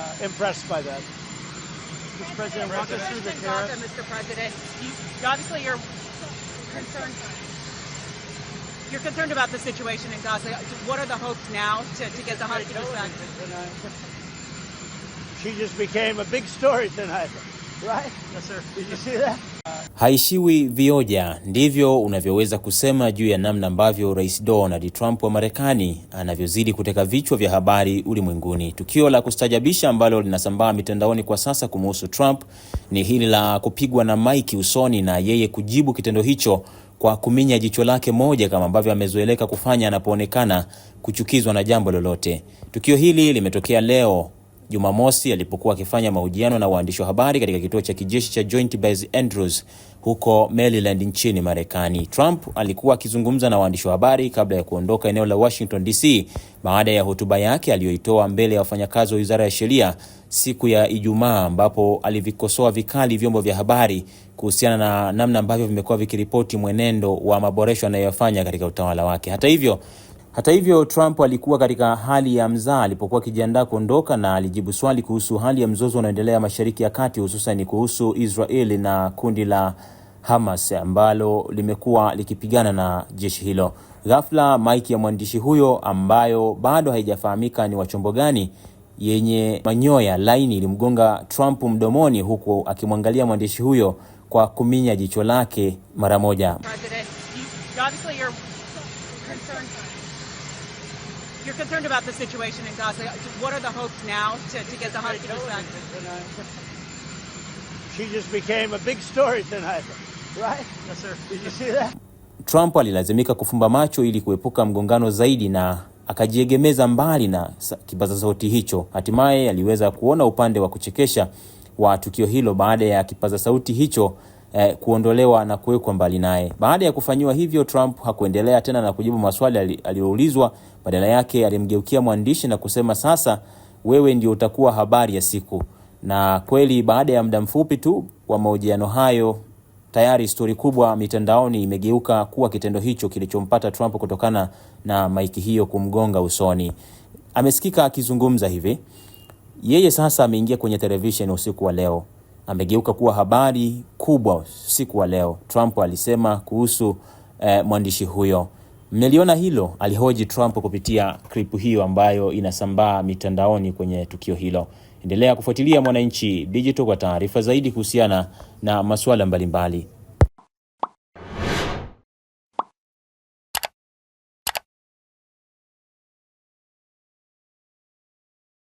uh, impressed by that. Mr. President, walk us through the tariff. Mr. President, you, obviously you're concerned. You're concerned about the situation in Gaza. What are the hopes now to, to get the hostages back? She just became a big story tonight. Haishiwi vioja, ndivyo unavyoweza kusema juu ya namna ambavyo Rais Donald Trump wa Marekani anavyozidi kuteka vichwa vya habari ulimwenguni. Tukio la kustajabisha ambalo linasambaa mitandaoni kwa sasa kumuhusu Trump ni hili la kupigwa na maiki usoni na yeye kujibu kitendo hicho kwa kuminya jicho lake moja kama ambavyo amezoeleka kufanya anapoonekana kuchukizwa na jambo lolote. Tukio hili limetokea leo Jumamosi alipokuwa akifanya mahojiano na waandishi wa habari katika kituo cha kijeshi cha Joint Base Andrews huko Maryland nchini Marekani. Trump alikuwa akizungumza na waandishi wa habari kabla ya kuondoka eneo la Washington DC baada ya hotuba yake aliyoitoa mbele ya wafanyakazi wa Wizara ya Sheria siku ya Ijumaa ambapo alivikosoa vikali vyombo vya habari kuhusiana na namna ambavyo vimekuwa vikiripoti mwenendo wa maboresho anayoyafanya katika utawala wake. Hata hivyo hata hivyo, Trump alikuwa katika hali ya mzaa alipokuwa akijiandaa kuondoka na alijibu swali kuhusu hali ya mzozo unaoendelea Mashariki ya Kati, hususan kuhusu Israeli na kundi la Hamas ambalo limekuwa likipigana na jeshi hilo. Ghafla maiki ya mwandishi huyo ambayo bado haijafahamika ni wachombo gani yenye manyoya laini ilimgonga Trump mdomoni huku akimwangalia mwandishi huyo kwa kuminya jicho lake mara moja. You're concerned about the situation in Gaza. What are the hopes now to, to get the hostages back? She just became a big story tonight, right? Yes, sir. Did you see that? Trump alilazimika kufumba macho ili kuepuka mgongano zaidi na akajiegemeza mbali na kipaza sauti hicho. Hatimaye aliweza kuona upande wa kuchekesha wa tukio hilo baada ya kipaza sauti hicho eh, kuondolewa na kuwekwa mbali naye. Baada ya kufanyiwa hivyo, Trump hakuendelea tena na kujibu maswali aliyoulizwa. Badala yake alimgeukia mwandishi na kusema, sasa wewe ndio utakuwa habari ya siku. Na kweli baada ya muda mfupi tu wa mahojiano hayo tayari stori kubwa mitandaoni imegeuka kuwa kitendo hicho kilichompata Trump kutokana na maiki hiyo kumgonga usoni. Amesikika akizungumza hivi, yeye sasa ameingia kwenye televisheni usiku wa leo amegeuka kuwa habari kubwa usiku wa leo, Trump alisema kuhusu eh, mwandishi huyo. Mmeliona hilo? Alihoji Trump kupitia klipu hiyo ambayo inasambaa mitandaoni kwenye tukio hilo. Endelea kufuatilia Mwananchi Digital kwa taarifa zaidi kuhusiana na masuala mbalimbali.